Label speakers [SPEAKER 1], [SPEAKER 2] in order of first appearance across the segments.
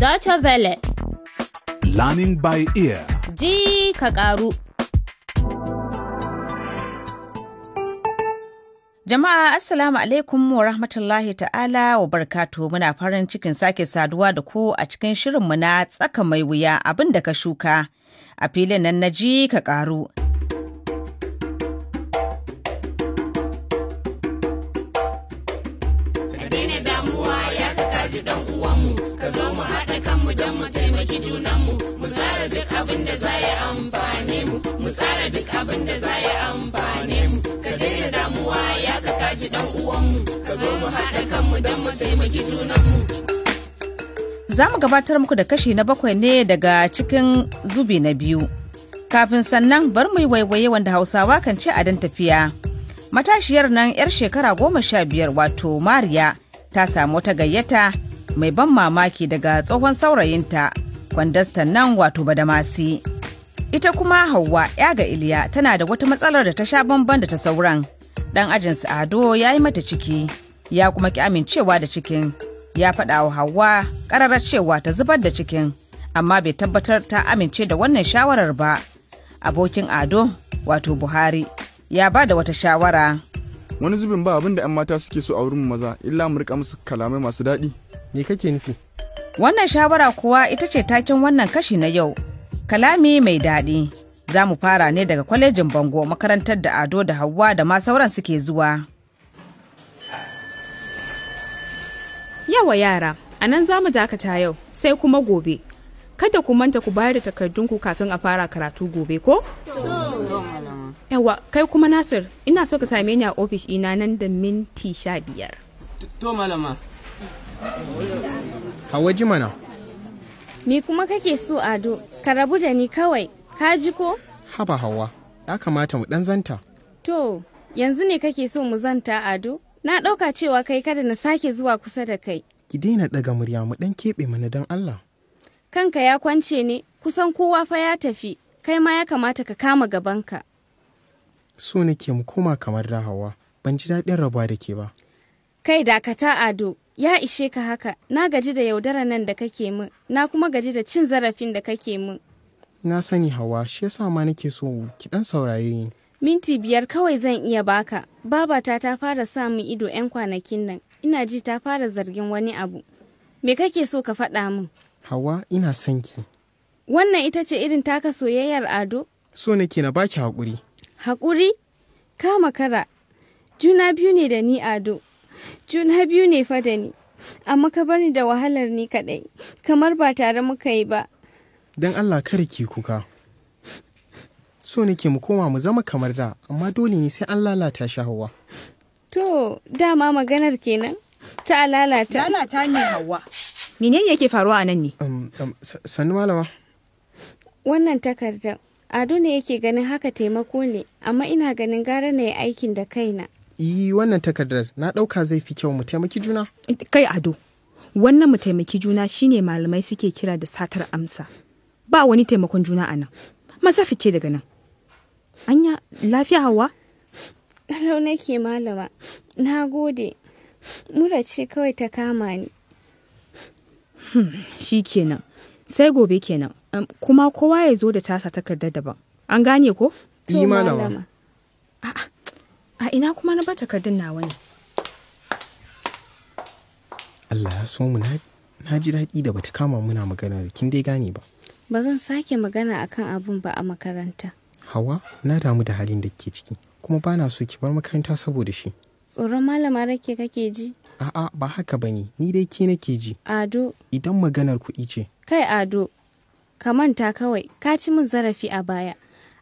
[SPEAKER 1] Dacha Vele.
[SPEAKER 2] Learning by ear.
[SPEAKER 1] Ji ka ƙaru.
[SPEAKER 3] Jama'a Assalamu alaikum wa rahmatullahi ta'ala wa barkatu muna farin cikin sake saduwa da ku a cikin shirinmu na tsaka mai wuya abin da ka shuka a filin nan na ji ka karu.
[SPEAKER 1] mu tsara duk abin da za yi amfani mu ka daina damuwa
[SPEAKER 4] ya ka kaji dan uwanmu ka zo mu haɗa kanmu don mu taimaki junanmu
[SPEAKER 3] za mu gabatar muku da kashi na bakwai ne daga cikin zubi na biyu kafin sannan bar mu yi waiwaye wanda hausawa kan ce a dan tafiya matashiyar nan 'yar shekara goma sha biyar wato mariya ta samu wata gayyata mai ban mamaki daga tsohon saurayinta kwandastan nan wato badamasi Ita kuma Hauwa ya ga Iliya tana da wata matsalar da ta sha bamban da ta sauran. Dan ajinsu Ado ya yi mata ciki, ya kuma ki amincewa da cikin. Ya faɗa wa Hauwa ƙararar cewa ta zubar da cikin, amma bai tabbatar ta amince da wannan shawarar ba. Abokin Ado, wato Buhari, ya ba da wata shawara. Wani zubin ba abin 'yan mata suke so a wurin maza, illa mu rika musu kalamai masu daɗi. Me kake nufi? Wannan shawara kuwa ita ce taken wannan kashi na yau. kalami mai daɗi za mu fara ne daga kwalejin bango makarantar da ado da hawa da ma sauran suke zuwa
[SPEAKER 5] yawa yara a nan za mu dakata yau sai kuma gobe kada ku manta ku bayar da takardunku kafin a fara karatu gobe ko? yawa kai kuma nasir ina so ka same ni a
[SPEAKER 1] ofis ina nan da minti sha biyar
[SPEAKER 6] to malama hawa jimana
[SPEAKER 1] Me kuma kake so Ado, ka rabu da ni kawai, ka ji ko?
[SPEAKER 6] Haba hawa, ya kamata mu ɗan zanta.
[SPEAKER 1] To, yanzu ne kake so mu zanta Ado? Na ɗauka cewa kai kada na sake zuwa kusa da kai.
[SPEAKER 6] Ki daina ɗaga murya mu ɗan keɓe mana don Allah.
[SPEAKER 1] Kanka ya kwance ne, kusan kowa fa ya tafi, kai ma ya kamata ka kama gabanka.
[SPEAKER 6] So nake mu koma kamar da hawa, ban ji daɗin rabuwa da ke ba.
[SPEAKER 1] Kai dakata Ado, ya ishe ka haka na gaji da yaudara nan da kake min na kuma gaji da cin zarafin da kake min
[SPEAKER 6] na sani hawa shi yasa ma nake so ki dan saurare ni
[SPEAKER 1] minti biyar kawai zan iya baka babata ta fara sa min ido yan kwanakin nan ina ji ta fara zargin wani abu me kake so ka faɗa min
[SPEAKER 6] hawa ina son ki
[SPEAKER 1] wannan ita ce irin taka soyayyar ado
[SPEAKER 6] so nake na baki haƙuri
[SPEAKER 1] Hakuri? kama kara juna biyu ne da ni ado juna biyu ne fa da ni amma ka bari da wahalar ni kadai kamar ba tare muka yi ba
[SPEAKER 6] don allah kar ki kuka so nake mu koma mu zama kamar da amma dole ne sai an lalata shi hawa
[SPEAKER 1] to dama maganar kenan ta lalata lalata ne hawa
[SPEAKER 5] menene yake faruwa a nan ne um, um, sannu malama
[SPEAKER 1] wannan takardar ado ne yake ganin haka taimako ne amma ina ganin gara na yi aikin da kaina
[SPEAKER 6] yi wannan takardar na ɗauka zai fi kyau mu taimaki juna kai ado wannan
[SPEAKER 5] mu taimaki juna shine malamai suke kira da satar amsa ba wani taimakon juna a nan maza fice daga nan anya lafiya hawa
[SPEAKER 1] Dalau nake malama, na gode, mura ce kawai ta kama ni.
[SPEAKER 5] Hmm, shi kenan, sai gobe kenan, kuma kowa ya zo da tasa takardar daban. An gane ko? Yi malama. a ina kuma
[SPEAKER 1] na bata takardun nawa ne
[SPEAKER 6] Allah ya so mu na ji daɗi da bata kama muna magana kin dai gane ba
[SPEAKER 1] ba zan sake magana akan abun ba a makaranta
[SPEAKER 6] hawa na damu da halin da ke ciki kuma ba na so ki bar makaranta saboda shi
[SPEAKER 1] tsoron malama rake kake ji
[SPEAKER 6] a'a ba haka bane ni dai ke nake ji ado idan maganar kuɗi ce
[SPEAKER 1] kai ado ka manta kawai ka ci min zarafi a baya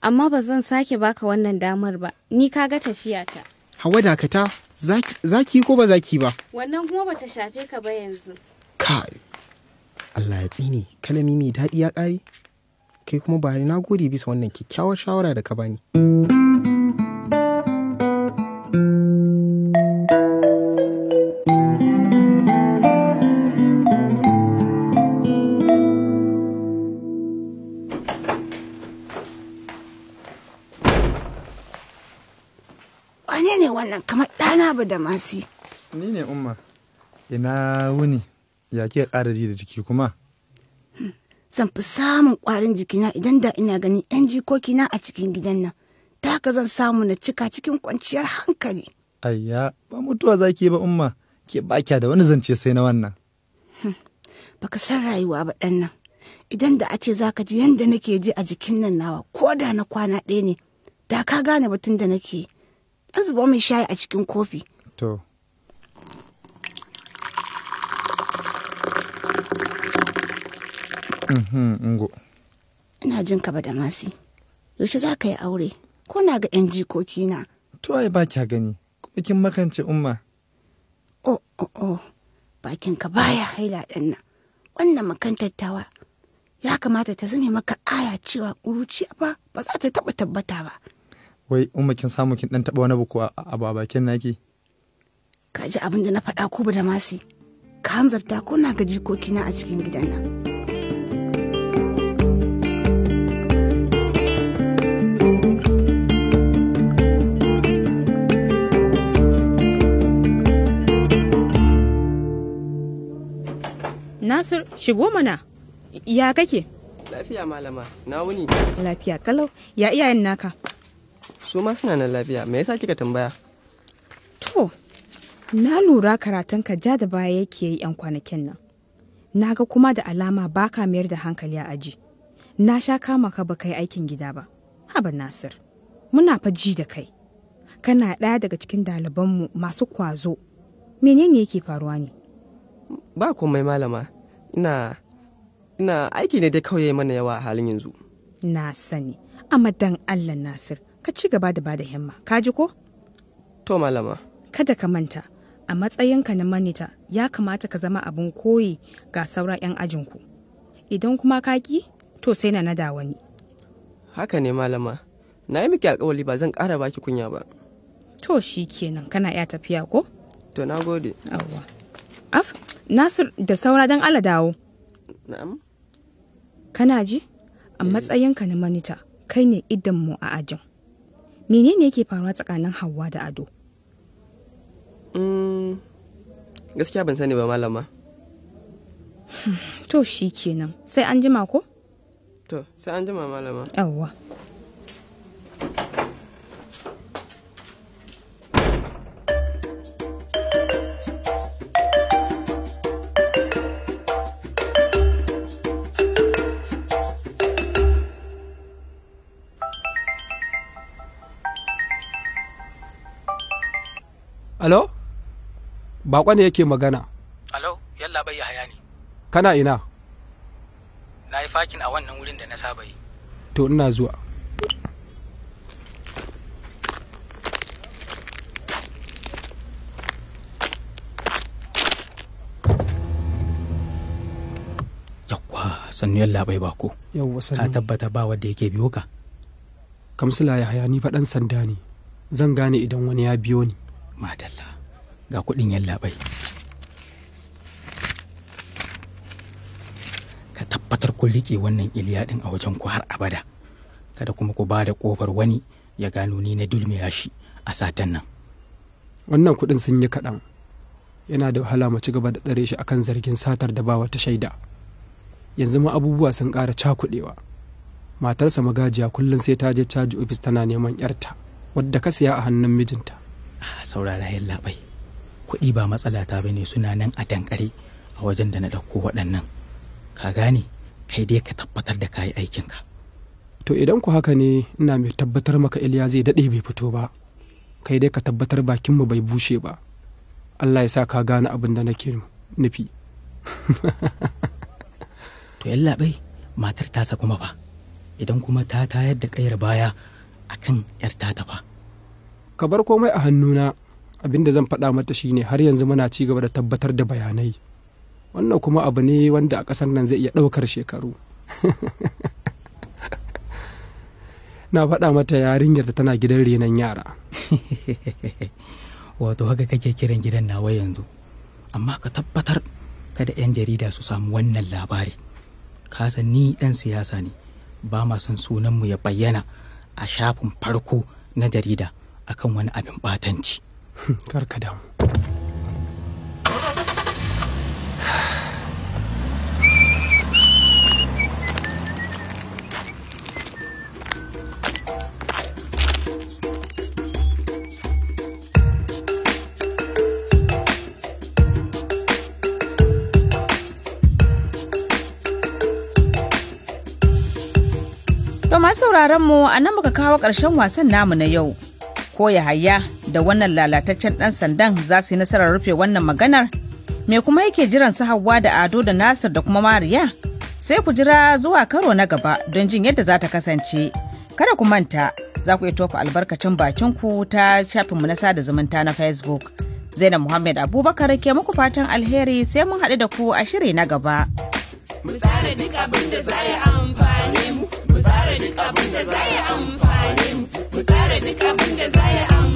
[SPEAKER 1] amma ba zan sake baka wannan damar ba ni ka kaga tafiyata
[SPEAKER 6] hawa dakata zaki ko ba zaki ba
[SPEAKER 1] wannan kuma bata shafe ka ba yanzu
[SPEAKER 6] kai Allah ya tsini kalami mai daɗi ya ƙare kai kuma bari na gode bisa wannan kyakkyawar shawara da ka bani.
[SPEAKER 2] ne wannan kamar ɗana ba da masi.
[SPEAKER 4] Ni ne umma, ina wuni ya
[SPEAKER 6] ke ƙara ji da jiki kuma?
[SPEAKER 2] Hmm. Zan fi samun ƙwarin jikina idan da ina gani 'yan jikokina a cikin gidan nan, ta haka zan samu na cika cikin kwanciyar hankali.
[SPEAKER 4] Ayya, ba mutuwa za ki ba umma, ke ba da wani zance sai na wannan.
[SPEAKER 2] Hmm. Baka san rayuwa ba ɗan nan, idan da a ce za ka ji yadda nake ji a jikin nan nawa, ko da na kwana ɗaya ne, da ka gane batun da nake yi. an zuba mai shayi a cikin kofi
[SPEAKER 6] to mhm,
[SPEAKER 2] ina jin ka da masi yaushe za ka yi aure ko na ga 'yan jikoki na
[SPEAKER 4] to ai ba kya
[SPEAKER 2] gani kuma kin
[SPEAKER 4] makance umma
[SPEAKER 2] oh oh oh bakin ka baya haila ɗan nan wannan makantattawa ya kamata ta zame maka aya cewa ƙuruciya ba ba za ta taɓa tabbata ba
[SPEAKER 4] wai in kin samu kin dan taba wani buku a babakin naki
[SPEAKER 2] ka ji abin da na faɗa ku da masi ka hanzarta kuna ga na a cikin gidan nan
[SPEAKER 5] Nasir shigo mana ya kake?
[SPEAKER 4] Lafiya malama, na wuni.
[SPEAKER 5] Lafiya kalau, ya iyayen naka.
[SPEAKER 4] su ma suna nan lafiya me yasa kika tambaya
[SPEAKER 5] to na lura karatun ka ja da baya yake yi yan kwanakin nan na ga kuma da alama ba ka mayar da hankali a aji na sha kama ka ba kai aikin gida ba haba nasir muna fa ji da kai kana ɗaya daga cikin mu masu kwazo menene yake faruwa ne
[SPEAKER 4] ba komai malama ina ina aiki ne dai kawai mana yawa a halin yanzu
[SPEAKER 5] na sani amma dan allah nasir ka ci gaba da bada himma ka ji ko to malama kada ka manta a matsayinka na manita ya kamata ka zama abin koyi ga sauran 'yan ajinku idan kuma ka ki to sai na nada wani
[SPEAKER 4] haka ne malama na yi miki alkawali ba zan ƙara baki kunya ba to shi
[SPEAKER 5] kenan kana ya tafiya ko
[SPEAKER 4] to na gode
[SPEAKER 5] af nasir da saura don ala dawo na'am kana ji a eh. matsayinka na manita kai ne mu a ajin menene yake faruwa tsakanin hawa da ado
[SPEAKER 4] mm, gaskiya ban sani ba malama
[SPEAKER 5] to shi kenan sai an jima ko
[SPEAKER 4] to sai an jima malama yawwa Alo? Baƙo ne yake magana. Alo, yalla bai ne. Kana ina? Na yi fakin a wannan wurin da na saba yi. To ina zuwa. Yawwa, sannu yalla bai bako. Yawwa sannu. Ka tabbata ba wadda yake biyo ka. Kamsila ya haya ni faɗan sanda ne. Zan gane idan wani ya biyo ni. madalla ga kuɗin yallaɓai ka tabbatar kun riƙe wannan iliya ɗin a wajen ku har abada kada kuma ku ba da ƙofar wani ya gano ni na dulmiya shi a satan nan wannan kuɗin sun yi kaɗan yana da wahala mu ci gaba da ɗare shi akan zargin satar da ba wata shaida yanzu ma abubuwa sun ƙara cakuɗewa matarsa magajiya kullum sai ta je caji ofis tana neman 'yarta wadda ka siya a hannun mijinta saurara yin labai kuɗi ba matsala ta bane suna nan a dankare a wajen da na ɗauko waɗannan ka gane kai dai ka tabbatar da kayi aikinka to idan ku haka ne ina mai tabbatar maka iliya zai daɗe bai fito ba kai dai ka tabbatar bakin mu bai bushe ba allah ya sa ka gane abin da nake nufi to yan labai matar tasa kuma ba idan kuma ta tayar da kayar baya akan yar tata ba ka bar komai a hannuna abin da zan faɗa mata shine har yanzu muna ci gaba da tabbatar da bayanai wannan kuma abu ne wanda a ƙasar nan zai iya ɗaukar shekaru na faɗa mata yarinyar da tana gidan renon yara wato haka kake kiran gidan nawa yanzu amma ka tabbatar kada 'yan jarida su samu wannan labari kasa ni ɗan siyasa ne ba ma son sunanmu ya bayyana a shafin farko na jarida akan wani abin batanci karka damu
[SPEAKER 3] To masu sauraron mu a nan muka kawo ƙarshen wasan namu na yau. ko Yahaya da wannan lalataccen ɗan sandan za su yi nasarar rufe wannan maganar? Me kuma yake jiran su Hauwa da Ado da Nasir da kuma Mariya? Sai ku jira zuwa karo na gaba don jin yadda za ta kasance. Kada ku manta za ku iya tofa albarkacin bakin ku ta shafinmu na sada zumunta na Facebook. Zainab Muhammad Abubakar ke muku fatan alheri sai mun haɗu da ku a shiri na gaba.
[SPEAKER 2] Mu tsara duk abin da za amfani mu, mu tsara duk abin da za amfani mu. I'm duk abin da